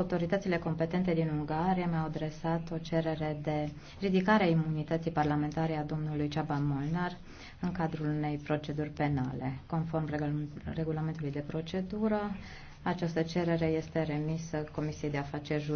Autoritățile competente din Ungaria mi-au adresat o cerere de ridicare a imunității parlamentare a domnului Ceaba Molnar în cadrul unei proceduri penale. Conform regulamentului de procedură, această cerere este remisă Comisiei de Afaceri Juridice.